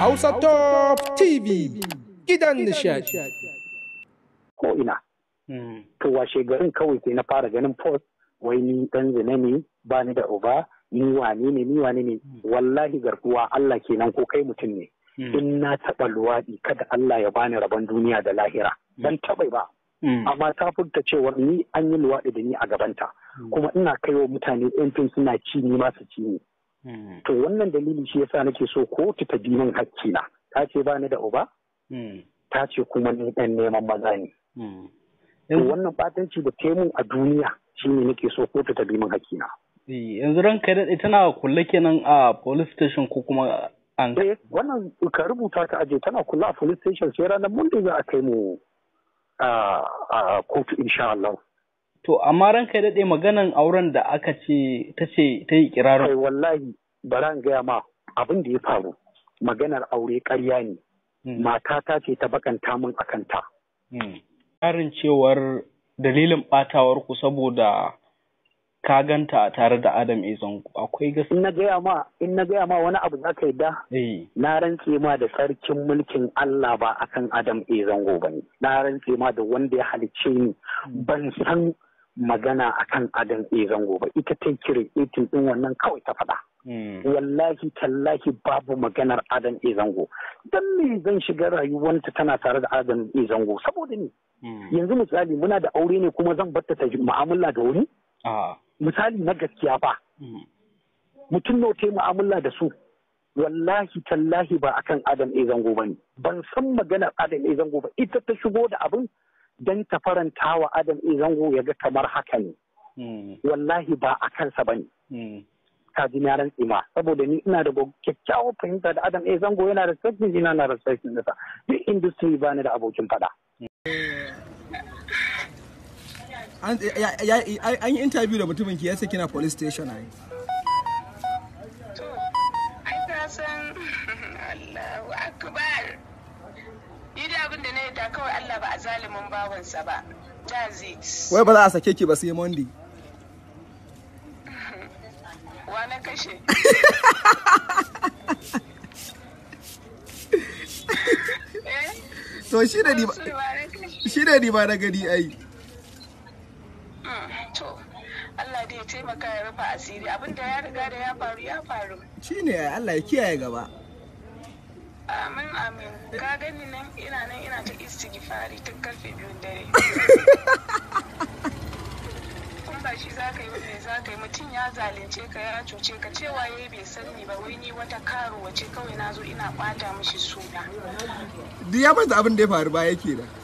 Hausa Top TV gidan nishadi. Ko ina. Hmm. To washe garin kawai sai na fara ganin post wai ni dan zina ne ba ni da uba ni wane ne ni wane ne hmm. wallahi garkuwa Allah kenan ko kai mutum ne. Hmm. In na taɓa luwaɗi kada Allah ya bani rabon duniya da lahira. Dan taɓa ba. Amma ta furta cewar ni an yi luwaɗi da ni a gabanta. Kuma ina kaiwa mutane 'yancin suna ci ni ma su ci ni. Hmm. To wannan dalili shi yasa nake so kotu ta bi min na? Ta ce ba ni da uba? Hmm. Ta ce kuma ni dan neman maza ne. Hmm. To wannan batanci da taimun a duniya shi ne nake so kotu ta bi min na? Eh, yanzu kai daɗe tana kulle kenan a police station ko kuma an. Eh, wannan ka rubuta ka aje tana kula a police station sai ranar da za a kai mu a kotu insha Allah. To, amma ranka ya daɗe maganan auren da aka ce ta ce ta yi kirarin. Kai wallahi bara in gaya ma abin da ya faru maganar aure karya ne. Hmm. Mata ta ce ta bakanta min a kanta. Hmm. Ƙarin cewar dalilin ɓatawar ku saboda ka ganta tare da Adam akwai gaskiya. In na gaya ma in na gaya ma wani abu za ka yi da. Eh. Na rantse ma da sarkin mulkin Allah ba akan Adam zango ba ne. Na rantse ma da wanda ya halicce ni hmm. ban san magana a kan adam ɗaya zango ba ita ta kire etin ɗin wannan kawai ta faɗa. Hmm. wallahi tallahi babu maganar adam ɗaya zango don me zan shiga rayuwanta tana tare da adam ɗaya zango saboda ni hmm. yanzu misali muna da aure ne kuma zan batta ta mu'amala da wuri misali na gaskiya ba hmm. mutum nawa ta mu'amala da su wallahi tallahi ba akan adam a zango ba ban san maganar adam ɗaya zango ba ita ta shigo da abin don ta faranta wa adam zango ya ga kamar haka ne hmm. wallahi ba a kansa ba ne hmm. ka ji na rantsi ma saboda ni ina da kyakkyawar fahimta da adam eh, zango yana da sabbin jina na rasashin nasa duk industry ba ni da abokin fada hmm. an yi interview da mutumin ki ya saki na police station a to ai san Allahu akbar kawai Allah ba a zalimin bawansa ba. Jazit. Wai ba za a sake ki ba sai Monday. Wa na kashe. Eh? To shi da ni ba shi da ni ba na gani ai. Hmm, to Allah dai ya taimaka ya rufa asiri abinda ya riga da ya faru ya faru. Shi ne Allah ya kiyaye gaba. Amin amin. Ka gani nan ina nan ina ta istighfari tun karfe biyun dare. Kun ba shi za ka yi me eh, za ka yi mutum ya zalunce ka ya cuce ka cewa yi bai sani ba wai ni wata karo wace kawai na zo ina bata mishi suna. Duk ya manta abin da ya faru ba yake da.